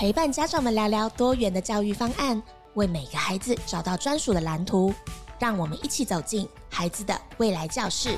陪伴家長們聊聊多元的教育方案，為每個孩子找到專屬的藍圖。讓我們一起走進孩子的未來教室。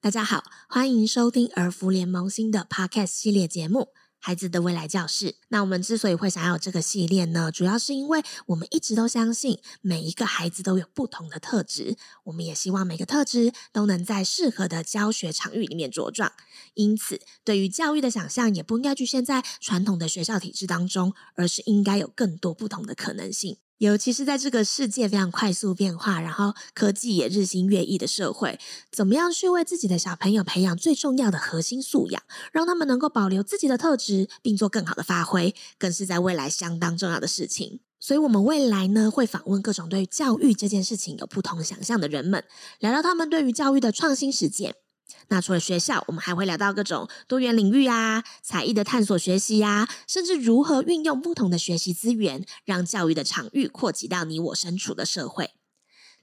大家好，歡迎收聽兒福聯盟新的 Podcast 系列節目。孩子的未來教室。那我們之所以會想要有這個系列呢，主要是因為我們一直都相信每一個孩子都有不同的特質，我們也希望每個特質都能在適合的教學場域裡面茁壯。因此，對於教育的想象也不應該局限在傳統的學校體制當中，而是應該有更多不同的可能性。尤其是在這個世界非常快速變化，然後科技也日新月異的社會，怎麼樣去為自己的小朋友培養最重要的核心素養，讓他們能夠保留自己的特質，並做更好的發揮，更是在未來相當重要的事情。所以，我們未來呢，會訪問各種對於教育這件事情有不同想象的人們，聊聊他們對於教育的創新實踐。那除了學校，我們還會聊到各種多元領域啊，才藝的探索學習呀，甚至如何運用不同的學習資源，讓教育的場域擴及到你我身處的社會。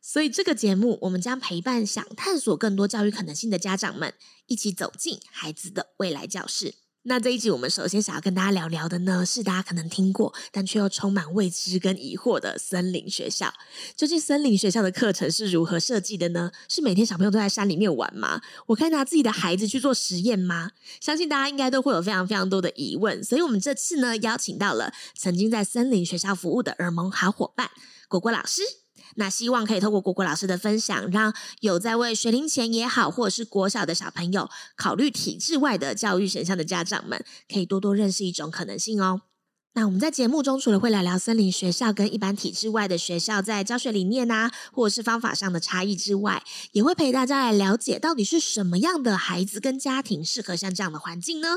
所以這個節目，我們將陪伴想探索更多教育可能性的家長們，一起走進孩子的未來教室。那這一集我們首先想要跟大家聊聊的呢，是大家可能聽過，但卻又充滿未知跟疑惑的森林學校。究竟森林學校的課程是如何設計的呢？是每天小朋友都在山裡面玩嗎？我可以拿自己的孩子去做實驗嗎？相信大家應該都會有非常非常多的疑問，所以我們這次呢，邀請到了曾經在森林學校服務的兒盟好夥伴，果果老師。那希望可以透過果果老師的分享，讓有在為學齡前也好，或者是國小的小朋友考慮體制外的教育選項的家長們，可以多多認識一種可能性哦。那我們在節目中除了會聊聊森林學校跟一般體制外的學校在教學理念啊，或者是方法上的差異之外，也會陪大家來了解到底是什麼樣的孩子跟家庭適合像這樣的環境呢？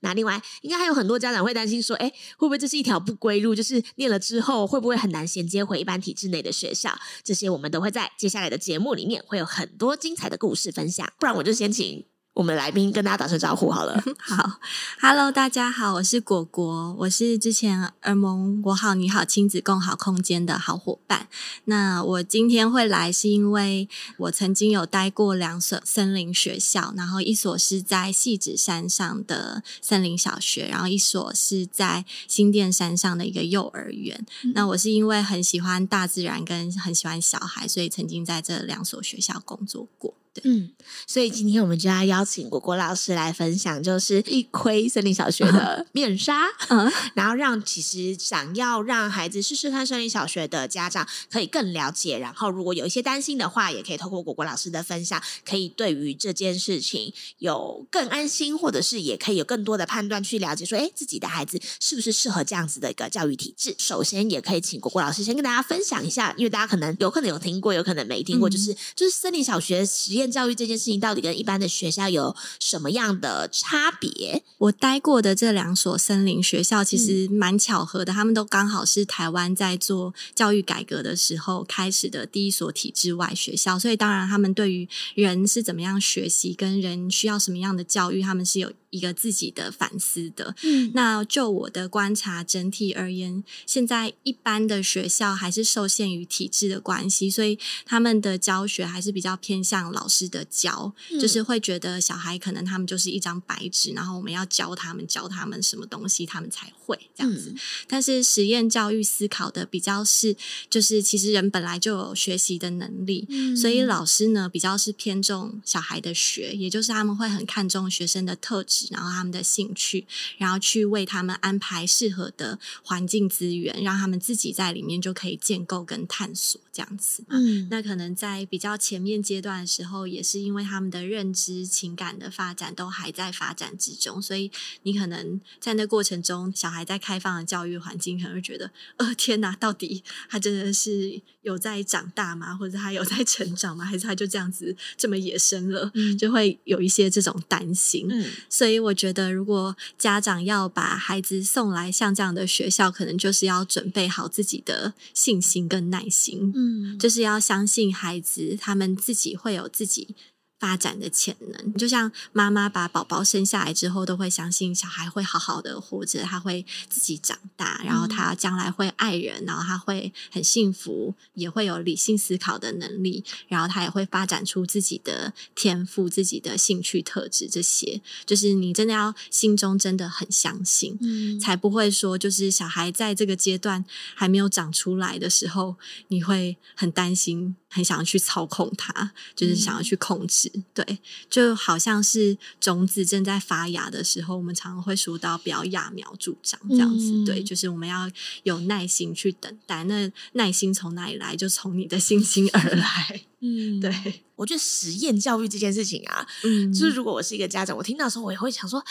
那另外，應該還有很多家長會擔心說，誒，會不會這是一條不歸路？就是念了之後，會不會很難銜接回一般體制內的學校？這些我們都會在接下來的節目裡面會有很多精彩的故事分享。不然我就先請。我們來賓跟大家打聲招呼好了。 好，Hello，大家好，我是果果，我是之前兒盟我好你好親子共好空間的好夥伴。那我今天會來是因為我曾經有待過兩所森林學校，然後一所是在汐止山上的森林小學，然後一所是在新店山上的一個幼兒園。嗯、那我是因為很喜歡大自然跟很喜歡小孩，所以曾經在這兩所學校工作過。對嗯，所以今天我們就要邀請果果老師來分享，就是一窺森林小學的、嗯、面紗，嗯、然後讓其實想要讓孩子試試看森林小學的家長可以更了解，然後如果有一些擔心的話，也可以透過果果老師的分享，可以對於這件事情有更安心，或者是也可以有更多的判斷去了解說，說哎，自己的孩子是不是適合這樣子的一個教育體制？首先，也可以請果果老師先跟大家分享一下，因為大家可能有可能有聽過，有可能沒聽過，就是、嗯、就是森林小學實驗。跟教育這件事情到底跟一般的學校有什麼樣的差別？我待過的這兩所森林學校其實蠻巧合的，他們都剛好是台灣在做教育改革的時候開始的第一所體制外學校，所以當然他們對於人是怎麼樣學習，跟人需要什麼樣的教育，他們是有。一個自己的反思的。嗯，那就我的觀察整體而言，現在一般的學校還是受限於體制的關係，所以他們的教學還是比較偏向老師的教，嗯，就是會覺得小孩可能他們就是一張白紙，然後我們要教他們教他們什麼東西，他們才會這樣子。嗯，但是實驗教育思考的比較是，就是其實人本來就有學習的能力，嗯，所以老師呢比較是偏重小孩的學，也就是他們會很看重學生的特質。然後他們的興趣，然後去為他們安排適合的環境資源，讓他們自己在裡面就可以建構跟探索這樣子。嗯，那可能在比較前面階段的時候，也是因為他們的認知、情感的發展都還在發展之中，所以你可能在那過程中，小孩在開放的教育環境，可能會覺得，呃、哦，天哪，到底他真的是有在長大嗎？或者他有在成長嗎？還是他就這樣子這麼野生了？嗯、就會有一些這種擔心，嗯、所以。所以我覺得，如果家長要把孩子送來像這樣的學校，可能就是要準備好自己的信心跟耐心，嗯，就是要相信孩子，他們自己會有自己。發展的潛能，就像媽媽把寶寶生下來之後，都會相信小孩會好好的活着，他會自己長大，然後他將來會愛人，然後他會很幸福，也會有理性思考的能力，然後他也會發展出自己的天賦、自己的興趣特質。這些就是你真的要心中真的很相信，嗯。才不會說，就是小孩在這個階段還沒有長出來的時候，你會很擔心，很想要去操控他，就是想要去控制。嗯對，就好像是種子正在發芽的時候，我們常常會說到不要揠苗助長這樣子。嗯、對，就是我們要有耐心去等待。那耐心從哪裡來？就從你的信心，心而來。嗯，對。我覺得實驗教育這件事情啊，嗯、就是如果我是一個家長，我聽到的時候我也會想說：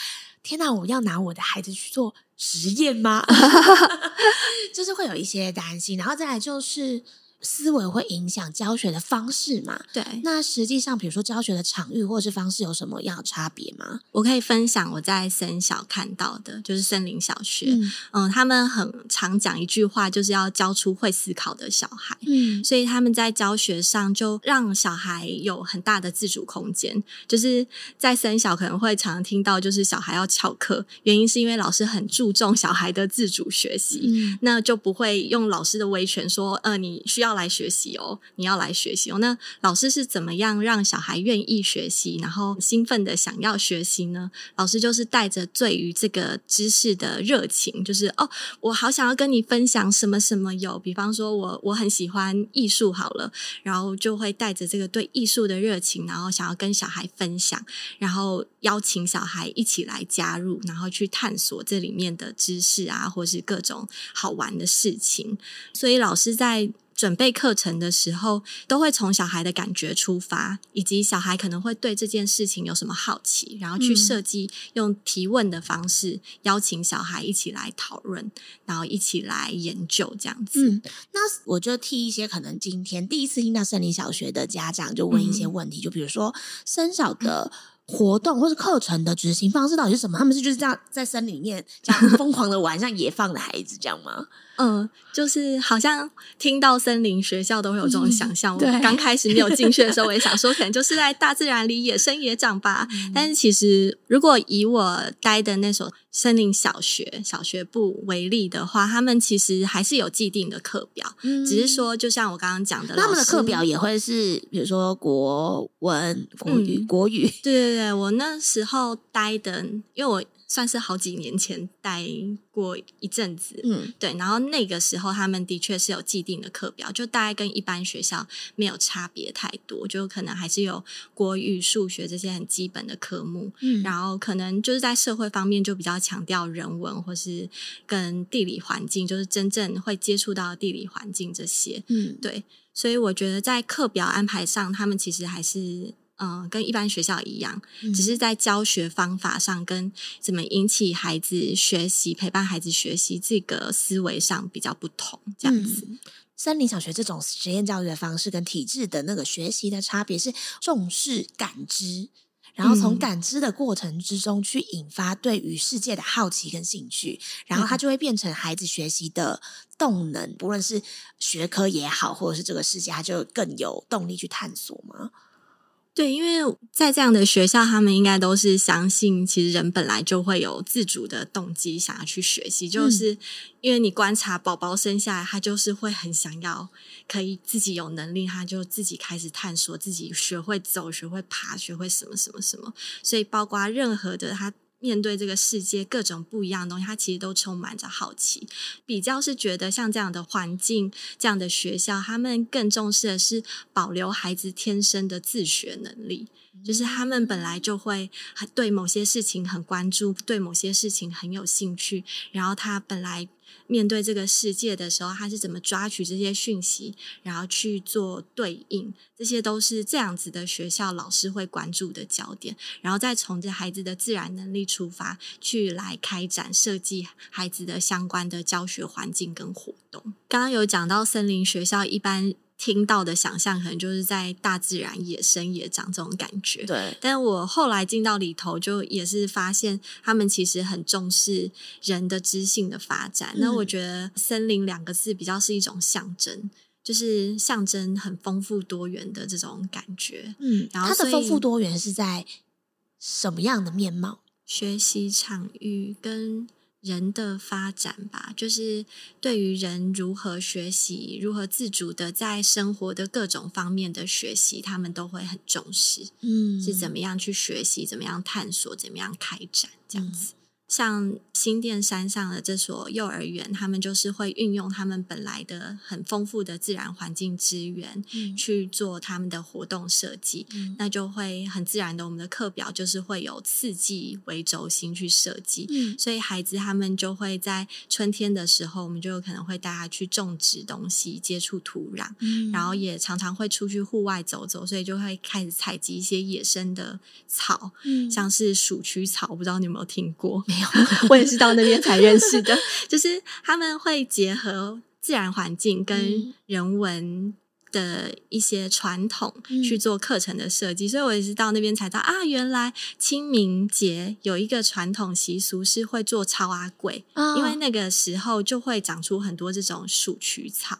天哪、啊，我要拿我的孩子去做實驗嗎？ 就是會有一些擔心。然後再來就是。思維會影響教學的方式嘛？對。那實際上，比如說教學的場域或者是方式有什麼樣的差別嗎？我可以分享我在森小看到的，就是森林小學。嗯、呃，他們很常講一句話，就是要教出會思考的小孩。嗯，所以他們在教學上就讓小孩有很大的自主空間。就是在森小可能會常常聽到，就是小孩要翹課，原因是因為老師很注重小孩的自主學習，嗯、那就不會用老師的威權說，呃，你需要。要來學習哦！你要來學習哦。那老師是怎麼樣讓小孩願意學習，然後興奮的想要學習呢？老師就是帶着對於這個知識的熱情，就是哦，我好想要跟你分享什麼什麼有。比方說我，我我很喜歡藝術，好了，然後就會帶着這個對藝術的熱情，然後想要跟小孩分享，然後邀請小孩一起來加入，然後去探索這裡面的知識啊，或是各種好玩的事情。所以老師在。準備課程的時候，都會從小孩的感覺出發，以及小孩可能會對這件事情有什麼好奇，然後去設計、嗯、用提問的方式邀請小孩一起來討論，然後一起來研究這樣子、嗯。那我就替一些可能今天第一次聽到森林小學的家長就問一些問題，嗯，就比如說森小的。活動或是課程的執行方式到底是什麼？他們是就是這樣在森林裡面這樣瘋狂的玩， 像野放的孩子這樣嗎？嗯、呃，就是好像聽到森林學校都會有這種想象。嗯、對，我剛開始沒有進去的時候，我也想說，可能就是在大自然裡野生野長吧。嗯、但是其實，如果以我待的那所森林小學小學部為例的話，他們其實還是有既定的課表，嗯、只是說，就像我剛剛講的，他們的課表也會是，比如說國文、國語、嗯、國語，對。對，我那時候待的，因為我算是好幾年前待過一陣子，嗯，對，然後那個時候他們的確是有既定的課表，就大概跟一般學校沒有差別太多，就可能還是有國語、數學這些很基本的科目，嗯，然後可能就是在社會方面就比較強調人文或是跟地理環境，就是真正會接觸到地理環境這些，嗯，對，所以我覺得在課表安排上，他們其實還是。嗯、呃，跟一般學校一樣，嗯、只是在教學方法上跟怎麼引起孩子學習、陪伴孩子學習這個思維上比較不同，這樣子、嗯。森林小學這種實驗教育的方式跟體制的那個學習的差別是重視感知，然後從感知的過程之中去引發對於世界的好奇跟興趣，然後它就會變成孩子學習的動能，嗯、不論是學科也好，或者是這個世界，它就更有動力去探索嘛。對，因為在這樣的學校，他們應該都是相信，其實人本來就會有自主的動機，想要去學習。就是因為你觀察寶寶生下來，他就是會很想要，可以自己有能力，他就自己開始探索，自己學會走，學會爬，學會什麼什麼什麼。所以，包括任何的他。面對這個世界各種不一樣的東西，他其實都充滿着好奇。比較是覺得像這樣的環境、這樣的學校，他們更重視的是保留孩子天生的自學能力，嗯、就是他們本來就會很對某些事情很關注，對某些事情很有興趣，然後他本來。面對這個世界的時候，他是怎麼抓取這些訊息，然後去做對應？這些都是這樣子的學校老師會關注的焦點，然後再從這孩子的自然能力出發，去來開展設計孩子的相關的教學環境跟活動。剛剛有講到森林學校一般。聽到的想象可能就是在大自然、野生、野長這種感覺。對，但我後來進到裡頭，就也是發現他們其實很重視人的知性的發展。嗯、那我覺得“森林”兩個字比較是一種象徵，就是象徵很豐富多元的這種感覺。嗯，然後它的豐富多元是在什麼樣的面貌？學習場域跟，人的發展吧，就是對於人如何學習、如何自主的在生活的各種方面的學習，他們都會很重視。嗯，是怎麼樣去學習？怎麼樣探索？怎麼樣開展？這樣子。像新店山上的這所幼兒園，他們就是會運用他們本來的很豐富的自然環境資源，去做他們的活動設計。嗯、那就會很自然的，我們的課表就是會有四季為軸心去設計。嗯、所以孩子他們就會在春天的時候，我們就有可能會帶他去種植東西，接觸土壤，嗯、然後也常常會出去戶外走走，所以就會開始採集一些野生的草，嗯、像是鼠麴草，不知道你有沒有聽過？ 我也是到那邊才認識的，就是他們會結合自然環境跟人文的一些傳統去做課程的設計，所以我也是到那邊才知道啊，原來清明節有一個傳統習俗是會做草仔粿，因為那個時候就會長出很多這種鼠曲草，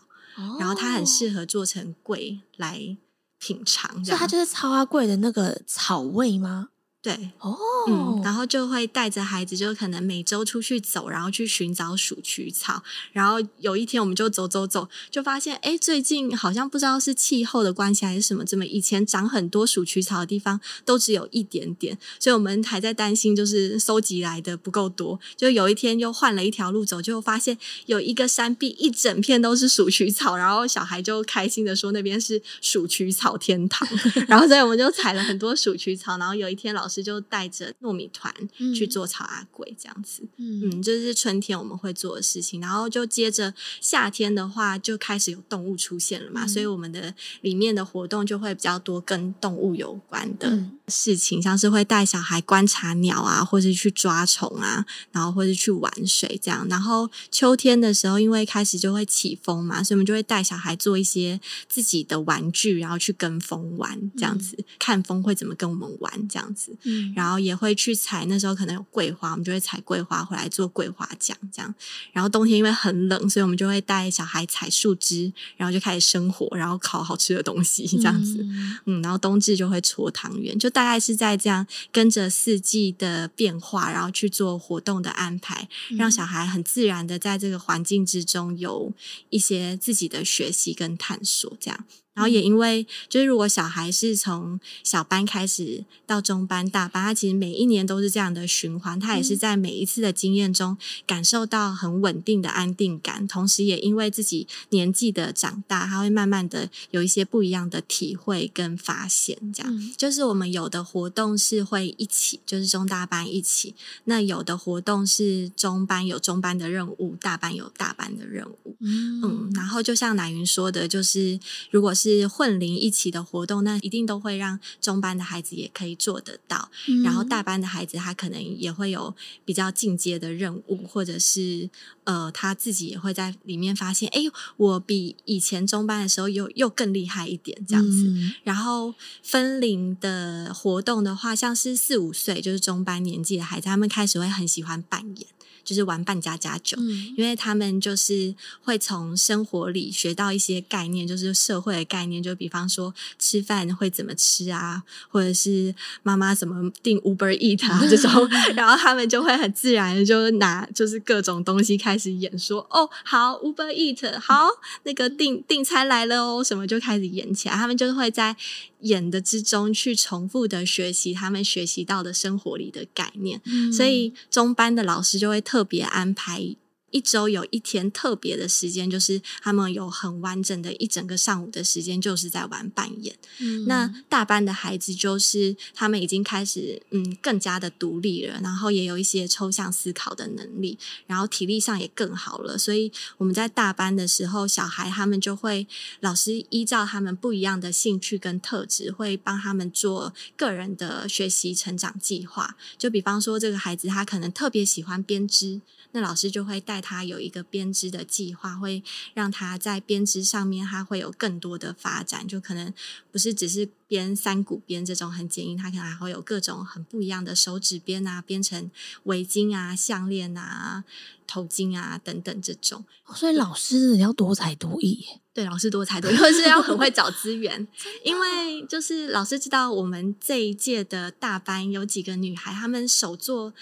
然後它很適合做成粿來品嘗。哦、所以它就是草仔粿的那個草味嗎？對哦、oh. 嗯，然後就會帶着孩子，就可能每周出去走，然後去尋找鼠曲草。然後有一天，我們就走走走，就發現，哎，最近好像不知道是氣候的關係還是什麼，這麼以前長很多鼠曲草的地方都只有一點點，所以我們還在擔心，就是收集來的不夠多。就有一天又換了一條路走，就發現有一個山壁，一整片都是鼠曲草。然後小孩就開心的說：“那邊是鼠曲草天堂。” 然後所以我們就採了很多鼠曲草。然後有一天老師。就帶着糯米團去做草仔粿這樣子，嗯，嗯，就是春天我們會做的事情。然後就接着夏天的話，就開始有動物出現了嘛，嗯、所以我們的裡面的活動就會比較多跟動物有關的事情，嗯、像是會帶小孩觀察鳥啊，或是去抓蟲啊，然後或是去玩水這樣。然後秋天的時候，因為開始就會起風嘛，所以我們就會帶小孩做一些自己的玩具，然後去跟風玩這樣子，嗯、看風會怎麼跟我們玩這樣子。然後也會去採，那時候可能有桂花，我們就會採桂花回來做桂花醬，這樣。然後冬天因為很冷，所以我們就會帶小孩採樹枝，然後就開始生火，然後烤好吃的東西，這樣子。嗯，嗯，然後冬至就會搓湯圓，就大概是在這樣跟着四季的變化，然後去做活動的安排，讓小孩很自然的在這個環境之中有一些自己的學習跟探索，這樣。然後也因為，就是如果小孩是從小班開始到中班、大班，他其實每一年都是這樣的循環。他也是在每一次的經驗中感受到很穩定的安定感，同時也因為自己年紀的長大，他會慢慢的有一些不一樣的體會跟發現。這樣，就是我們有的活動是會一起，就是中大班一起；那有的活動是中班有中班的任務，大班有大班的任務。嗯，然後就像乃云說的，就是如果是。是混齡一起的活動，那一定都會讓中班的孩子也可以做得到，嗯、然後大班的孩子他可能也會有比較進階的任務，或者是呃他自己也會在裡面發現，哎，我比以前中班的時候又又更厲害一點這樣子。嗯、然後分齡的活動的話，像是四五歲就是中班年紀的孩子，他們開始會很喜歡扮演。就是玩扮家家酒，嗯、因為他們就是會從生活裡學到一些概念，就是社會的概念，就比方說吃飯會怎麼吃啊，或者是媽媽怎麼訂 Uber Eat 啊這種， 然後他們就會很自然的就拿就是各種東西開始演說，哦，好 Uber Eat，好、嗯、那個訂訂餐來了哦，什麼就開始演起來，他們就會在。演的之中去重複的學習他們學習到的生活裡的概念，嗯。所以中班的老師就會特別安排。一周有一天特別的時間，就是他們有很完整的一整個上午的時間，就是在玩扮演。嗯、那大班的孩子就是他們已經開始嗯更加的獨立了，然後也有一些抽象思考的能力，然後體力上也更好了。所以我們在大班的時候，小孩他們就會老師依照他們不一樣的興趣跟特質，會幫他們做個人的學習成長計劃。就比方說，這個孩子他可能特別喜歡編織，那老師就會帶。他有一個編織的計劃，會讓他在編織上面，他會有更多的發展。就可能不是只是編三股編這種很簡易，他可能還會有各種很不一樣的手指編啊，編成圍巾啊、項鏈啊、頭巾啊等等這種、哦。所以老師要多才多藝，對，老師多才多藝是要很會找資源， 啊、因為就是老師知道我們這一屆的大班有幾個女孩，她們手做。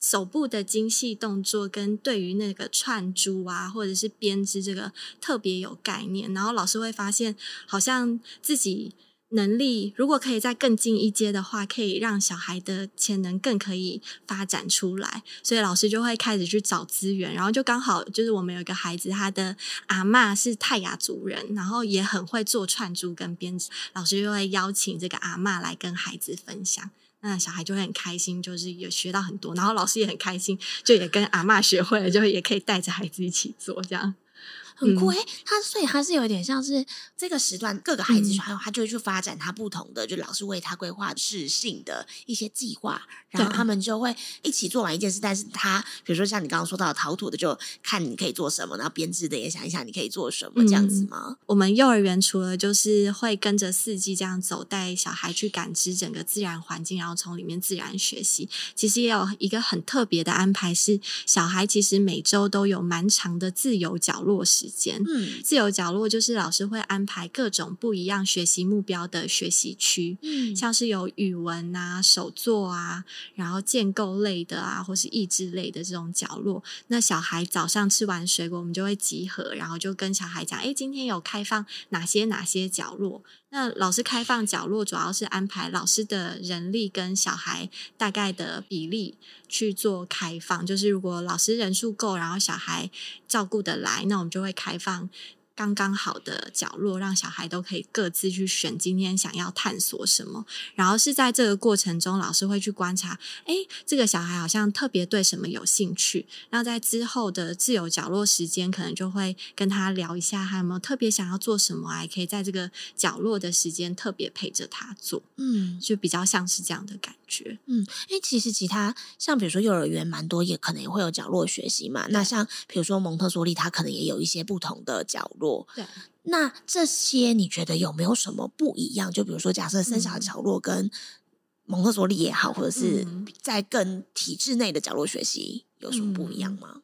手部的精細動作跟對於那個串珠啊，或者是編織這個特別有概念。然後老師會發現，好像自己能力如果可以再更進一階的話，可以讓小孩的潛能更可以發展出來。所以老師就會開始去找資源，然後就剛好就是我們有一個孩子，他的阿嬤是泰雅族人，然後也很會做串珠跟編織。老師就會邀請這個阿嬤來跟孩子分享。那小孩就會很開心，就是也學到很多，然後老師也很開心，就也跟阿嬤學會了，就也可以帶着孩子一起做這樣。很酷誒，嗯、他所以他是有一點像是這個時段各個孩子小孩，然後、嗯、他就會去發展他不同的，就老師為他規劃適性的一些計劃，對然後他們就會一起做完一件事。但是他比如說像你剛剛說到的陶土的，就看你可以做什麼，然後編織的也想一想你可以做什麼、嗯、這樣子嗎？我們幼兒園除了就是會跟着四季這樣走，帶小孩去感知整個自然環境，然後從裡面自然學習。其實也有一個很特別的安排，是小孩其實每周都有蠻長的自由角落時。間，嗯，自由角落就是老師會安排各種不一樣學習目標的學習區，嗯，像是有語文啊、手作啊，然後建構類的啊，或是益智類的這種角落。那小孩早上吃完水果，我們就會集合，然後就跟小孩講，哎、欸，今天有開放哪些哪些角落。那老師開放角落，主要是安排老師的人力跟小孩大概的比例去做開放。就是如果老師人數夠，然後小孩照顧得來，那我們就會開放。剛剛好的角落，讓小孩都可以各自去選今天想要探索什麼。然後是在這個過程中，老師會去觀察，哎，這個小孩好像特別對什麼有興趣。那在之後的自由角落時間，可能就會跟他聊一下，還有沒有特別想要做什麼，還可以在這個角落的時間特別陪着他做。嗯，就比較像是這樣的感覺。嗯，哎，其實其他像比如說幼兒園蠻多也可能也會有角落學習嘛。對那像比如說蒙特梭利，他可能也有一些不同的角落。對，那這些你覺得有沒有什麼不一樣？就比如說，假設生小孩的角落跟蒙特梭利也好，嗯、或者是在更體制內的角落學習，嗯、有什麼不一樣嗎？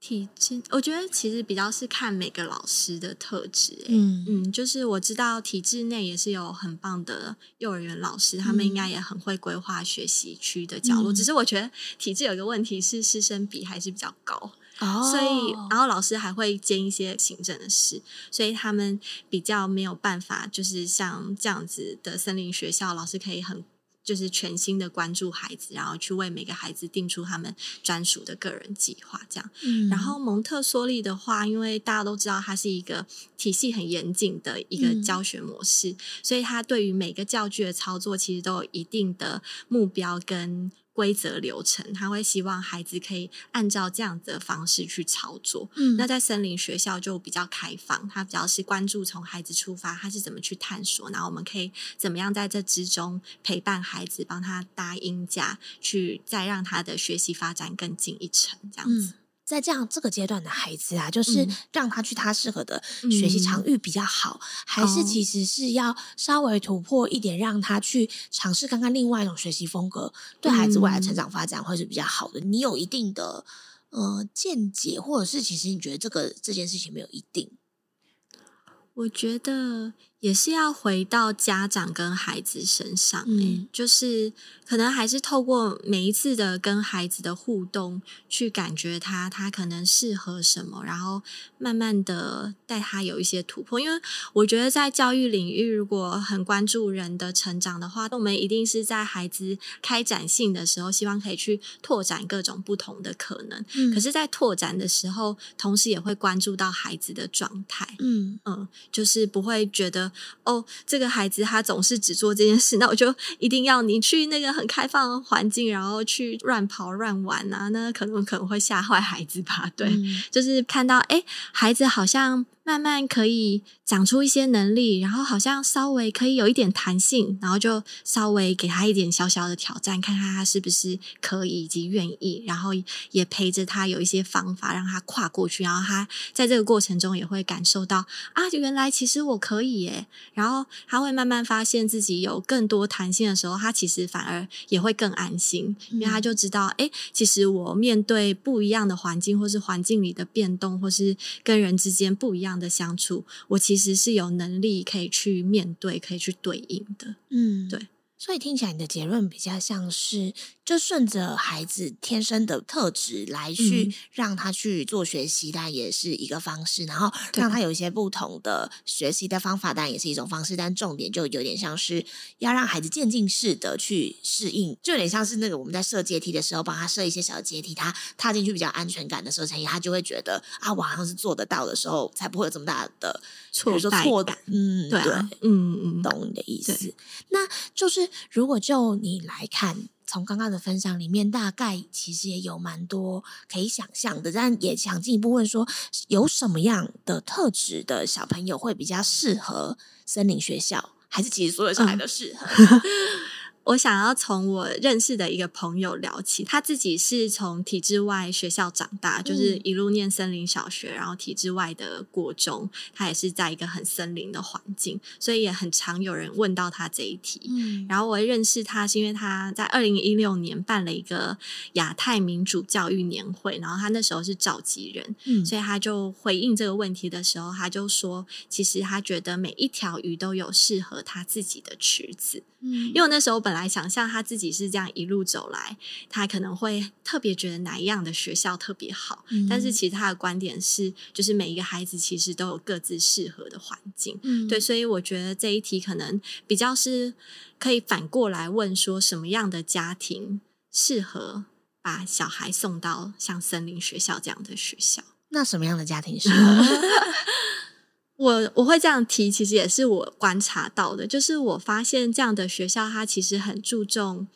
體制，我覺得其實比較是看每個老師的特質、欸。嗯嗯，就是我知道體制內也是有很棒的幼兒園老師，嗯、他們應該也很會規劃學習區的角落。嗯、只是我覺得體制有一個問題是師生比還是比較高。Oh. 所以，然後老師還會兼一些行政的事，所以他們比較沒有辦法，就是像這樣子的森林學校老師可以很就是全心的關注孩子，然後去為每個孩子定出他們專屬的個人計劃這樣。Mm. 然後蒙特梭利的話，因為大家都知道它是一個體系很嚴謹的一個教學模式，mm. 所以他對於每個教具的操作其實都有一定的目標跟規則流程，他會希望孩子可以按照這樣子的方式去操作。嗯,那在森林學校就比較開放,他只要是關注從孩子出發,他是怎麼去探索,然後我們可以怎麼樣在這之中陪伴孩子,幫他搭鷹架,去再讓他的學習發展更進一層,這樣子。嗯在這樣這個階段的孩子啊，就是讓他去他適合的學習場域比較好，嗯、還是其實是要稍微突破一點，哦、讓他去嘗試看看另外一種學習風格，對孩子未來成長發展會是比較好的。嗯、你有一定的呃見解，或者是其實你覺得這個這件事情沒有一定？我覺得。也是要回到家長跟孩子身上，欸，嗯，就是可能還是透過每一次的跟孩子的互動，去感覺他他可能適合什麼，然後慢慢的帶他有一些突破。因為我覺得在教育領域，如果很關注人的成長的話，那我們一定是在孩子開展性的時候，希望可以去拓展各種不同的可能。嗯，可是，在拓展的時候，同時也會關注到孩子的狀態。嗯嗯，就是不會覺得。哦，這個孩子他總是只做這件事，那我就一定要你去那個很開放的環境，然後去亂跑亂玩啊，那可能可能會嚇壞孩子吧？對，嗯，就是看到誒，孩子好像。慢慢可以長出一些能力，然後好像稍微可以有一點彈性，然後就稍微給他一點小小的挑戰，看看他是不是可以以及願意，然後也陪着他有一些方法讓他跨過去，然後他在這個過程中也會感受到啊，原來其實我可以耶。然後他會慢慢發現自己有更多彈性的時候，他其實反而也會更安心，因為他就知道，哎，其實我面對不一樣的環境，或是環境裡的變動，或是跟人之間不一樣。的相處，我其實是有能力可以去面對、可以去對應的。嗯，對。所以聽起來你的結論比較像是，就順着孩子天生的特質來去讓他去做學習，但也是一個方式。然後對讓他有一些不同的學習的方法，當然也是一種方式。但重點就有點像是要讓孩子漸進式的去適應，就有點像是那個我們在設階梯的時候，幫他設一些小階梯，他踏進去比較安全感的時候，所以他就會覺得啊，我好像是做得到的時候，才不會有這麼大的比如說挫敗感。嗯，對、啊，嗯、啊、嗯，懂你的意思。對那就是。如果就你來看，從剛剛的分享裡面，大概其實也有蠻多可以想象的，但也想進一步問說，有什麼樣的特質的小朋友會比較適合森林學校，還是其實所有小孩都適合？嗯 我想要從我認識的一個朋友聊起，他自己是從體制外學校長大，嗯、就是一路念森林小學，然後體制外的國中，他也是在一個很森林的環境，所以也很常有人問到他這一題。嗯、然後我認識他是因為他在二零一六年辦了一個亞太民主教育年會，然後他那時候是召集人，嗯、所以他就回應這個問題的時候，他就說，其實他覺得每一條魚都有適合他自己的池子，嗯，因為我那時候本來想象他自己是這樣一路走來，他可能會特別覺得哪一樣的學校特別好，嗯，但是其實他的觀點是，就是每一個孩子其實都有各自適合的環境，嗯，對，所以我覺得這一題可能比較是可以反過來問，說什麼樣的家庭適合把小孩送到像森林學校這樣的學校？那什麼樣的家庭適合？ 我我會這樣提，其實也是我觀察到的，就是我發現這樣的學校，它其實很注重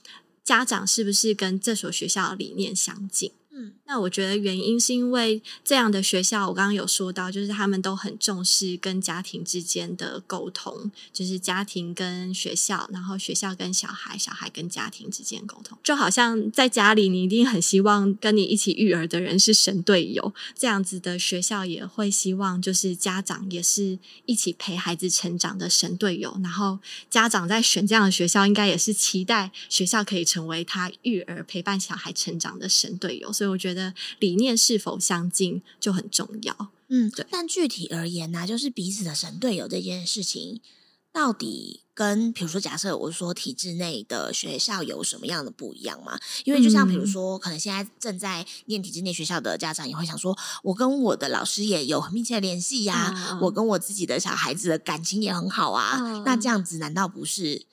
家長是不是跟這所學校理念相近。嗯。那我覺得原因是因為這樣的學校，我剛剛有說到，就是他們都很重視跟家庭之間的溝通，就是家庭跟學校，然後學校跟小孩，小孩跟家庭之間溝通。就好像在家裡，你一定很希望跟你一起育兒的人是神隊友，這樣子的學校也會希望，就是家長也是一起陪孩子成長的神隊友。然後家長在選這樣的學校，應該也是期待學校可以成為他育兒、陪伴小孩成長的神隊友。所以我覺得。的理念是否相近就很重要。嗯，對。但具體而言呢、啊，就是彼此的神隊友這件事情，到底跟比如說，假設我說體制內的學校有什麼樣的不一樣嗎？因為就像比如說，嗯、可能現在正在念體制內學校的家長也會想說，我跟我的老師也有很密切的聯繫呀、啊，啊、我跟我自己的小孩子的感情也很好啊。啊那這樣子難道不是？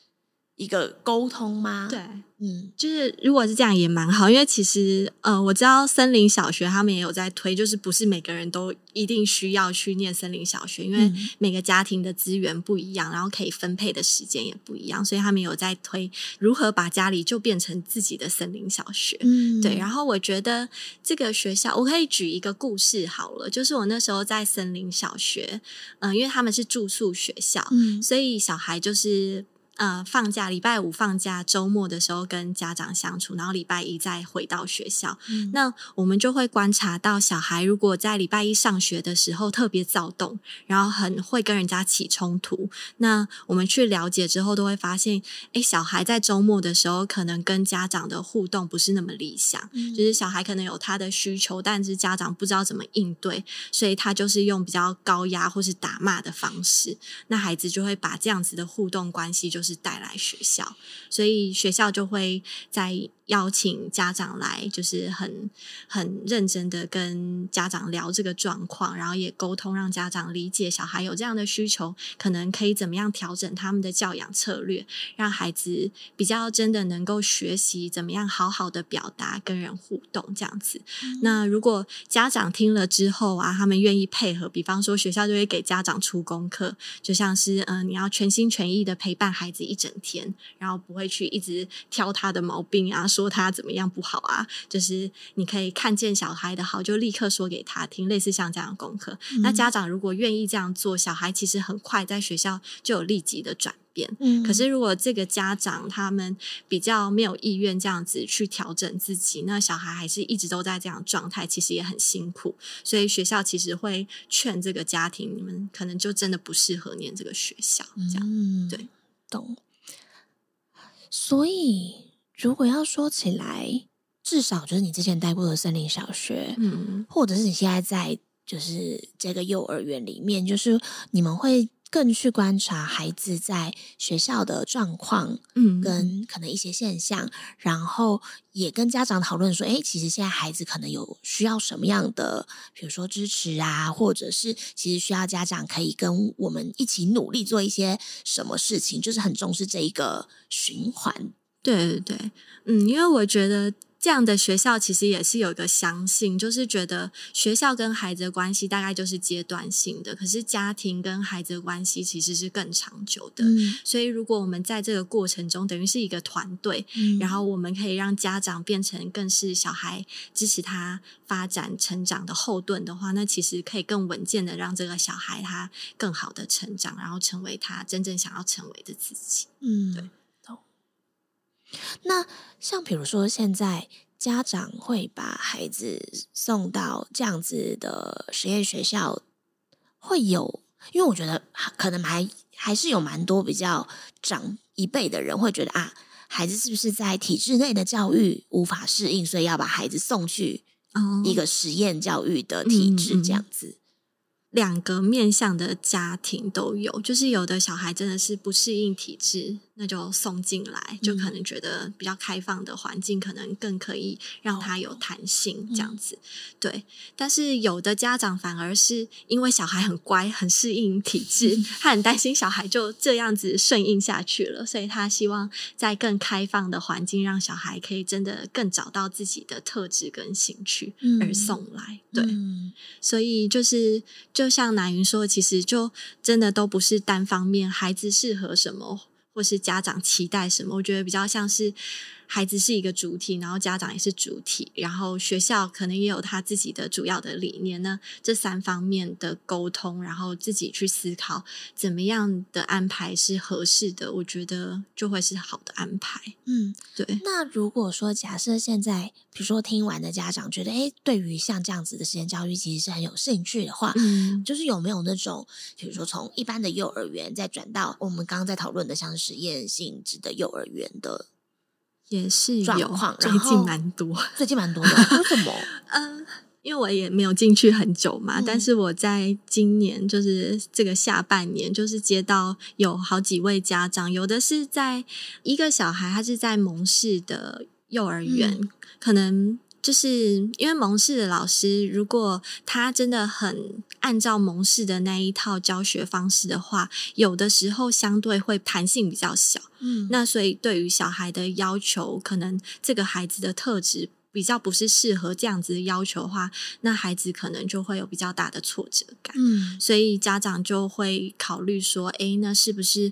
一個溝通嗎？對，嗯，就是如果是這樣也蠻好，因為其實呃，我知道森林小學他們也有在推，就是不是每個人都一定需要去念森林小學，因為每個家庭的資源不一樣，然後可以分配的時間也不一樣，所以他們有在推如何把家裡就變成自己的森林小學。嗯，對。然後我覺得這個學校，我可以舉一個故事好了，就是我那時候在森林小學，嗯、呃，因為他們是住宿學校，嗯，所以小孩就是。呃，放假禮拜五放假，周末的時候跟家長相處，然後禮拜一再回到學校。嗯。那我們就會觀察到，小孩如果在禮拜一上學的時候特別躁動，然後很會跟人家起衝突。那我們去了解之後，都會發現，哎，小孩在周末的時候可能跟家長的互動不是那麼理想。嗯。就是小孩可能有他的需求，但是家長不知道怎麼應對，所以他就是用比較高壓或是打罵的方式，那孩子就會把這樣子的互動關係就是。是帶來學校，所以學校就會在，邀請家長來，就是很很認真的跟家長聊這個狀況，然後也溝通，讓家長理解小孩有這樣的需求，可能可以怎麼樣調整他們的教養策略，讓孩子比較真的能夠學習怎麼樣好好的表達、跟人互動這樣子。嗯、那如果家長聽了之後啊，他們願意配合，比方說，學校就會給家長出功課，就像是嗯、呃，你要全心全意的陪伴孩子一整天，然後不會去一直挑他的毛病啊說。說他怎麼樣不好啊？就是你可以看見小孩的好，就立刻說給他聽，類似像這樣的功課。嗯、那家長如果願意這樣做，小孩其實很快在學校就有立即的轉變。嗯、可是如果這個家長他們比較沒有意願這樣子去調整自己，那小孩還是一直都在這樣狀態，其實也很辛苦。所以學校其實會勸這個家庭，你們可能就真的不適合念這個學校。這樣、嗯、對，懂。所以。如果要說起來，至少就是你之前待過的森林小學，嗯，或者是你現在在就是這個幼兒園裡面，就是你們會更去觀察孩子在學校的狀況，嗯，跟可能一些現象，嗯、然後也跟家長討論說，哎，其實現在孩子可能有需要什麼樣的，比如說支持啊，或者是其實需要家長可以跟我們一起努力做一些什麼事情，就是很重視這一個循環。對對對，嗯，因為我覺得這樣的學校其實也是有一個相信，就是覺得學校跟孩子的關係大概就是階段性的，可是家庭跟孩子的關係其實是更長久的。嗯、所以如果我們在這個過程中等於是一個團隊，嗯、然後我們可以讓家長變成更是小孩支持他發展成長的後盾的話，那其實可以更穩健的讓這個小孩他更好的成長，然後成為他真正想要成為的自己。嗯。對。那像比如說，現在家長會把孩子送到這樣子的實驗學校，會有，因為我覺得可能還還是有蠻多比較長一輩的人會覺得啊，孩子是不是在體制內的教育無法適應，所以要把孩子送去哦一個實驗教育的體制，哦，這樣子。兩個面向的家庭都有，就是有的小孩真的是不適應體制，那就送進來，嗯、就可能覺得比較開放的環境，可能更可以讓他有彈性，哦嗯、這樣子。對，但是有的家長反而是因為小孩很乖，很適應體制，嗯、他很擔心小孩就這樣子順應下去了，所以他希望在更開放的環境，讓小孩可以真的更找到自己的特質跟興趣，而送來。嗯嗯、對，所以就是就就像乃云說，其實就真的都不是單方面，孩子適合什麼，或是家長期待什麼，我覺得比較像是。孩子是一個主體，然後家長也是主體，然後學校可能也有他自己的主要的理念呢，這三方面的溝通，然後自己去思考怎麼樣的安排是合適的，我覺得就會是好的安排。嗯，對。那如果說假設現在，比如說聽完的家長覺得，誒，對於像這樣子的實驗教育其實是很有興趣的話，嗯，就是有沒有那種，比如說從一般的幼兒園再轉到我們剛剛在討論的像實驗性質的幼兒園的？也是有，最近蠻多，最近蠻多的。為什麼？嗯，因為我也沒有進去很久嘛，嗯、但是我在今年就是這個下半年，就是接到有好幾位家長，有的是在一個小孩，他是在蒙氏的幼兒園，嗯、可能。就是因為蒙氏的老師，如果他真的很按照蒙氏的那一套教學方式的話，有的時候相對會彈性比較小。嗯，那所以對於小孩的要求，可能這個孩子的特質比較不是適合這樣子的要求的話，那孩子可能就會有比較大的挫折感。嗯，所以家長就會考慮說：哎，那是不是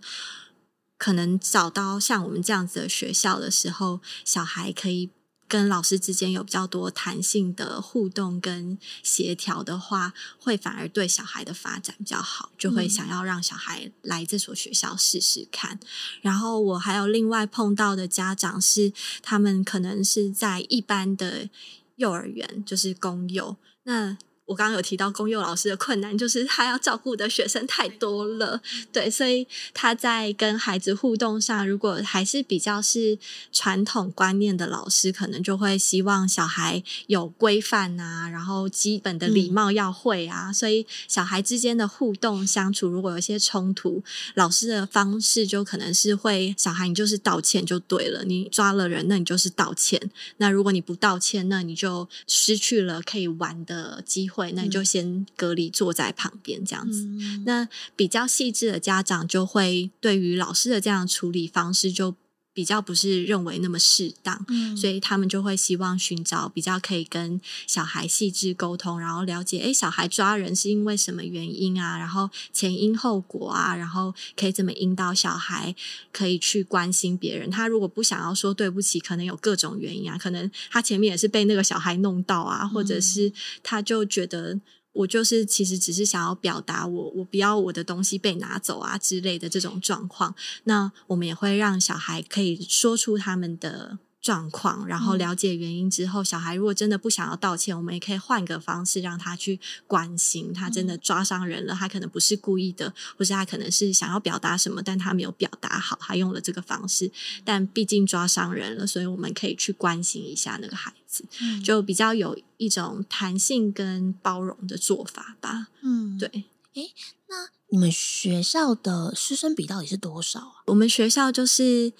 可能找到像我們這樣子的學校的時候，小孩可以。跟老師之間有比較多彈性的互動跟協調的話，會反而對小孩的發展比較好，就會想要讓小孩來這所學校試試看。嗯。然後我還有另外碰到的家長是，他們可能是在一般的幼兒園，就是公幼那。我剛剛有提到公幼老師的困難，就是他要照顧的學生太多了，對，所以他在跟孩子互動上，如果還是比較是傳統觀念的老師，可能就會希望小孩有規範啊，然後基本的禮貌要會啊，嗯。所以小孩之間的互動相處，如果有些衝突，老師的方式就可能是會小孩你就是道歉就對了，你抓了人，那你就是道歉，那如果你不道歉，那你就失去了可以玩的機會。那你就先隔離、嗯、坐在旁邊這樣子。嗯、那比較細緻的家長就會對於老師的這樣的處理方式就。比較不是認為那麼適當，嗯、所以他們就會希望尋找比較可以跟小孩細緻溝通，然後了解，誒、欸、小孩抓人是因為什麼原因啊？然後前因後果啊，然後可以怎麼引導小孩可以去關心別人？他如果不想要說對不起，可能有各種原因啊，可能他前面也是被那個小孩弄到啊，嗯、或者是他就覺得。我就是其實只是想要表達我，我不要我的東西被拿走啊之類的這種狀況。那我們也會讓小孩可以說出他們的狀況，然後了解原因之後，嗯、小孩如果真的不想要道歉，我們也可以換個方式讓他去關心。他真的抓傷人了，嗯、他可能不是故意的，或是他可能是想要表達什麼，但他沒有表達好，他用了這個方式，但畢竟抓傷人了，所以我們可以去關心一下那個孩子，嗯、就比較有一種彈性跟包容的做法吧。嗯，對誒。那你們學校的師生比到底是多少啊？我們學校就是。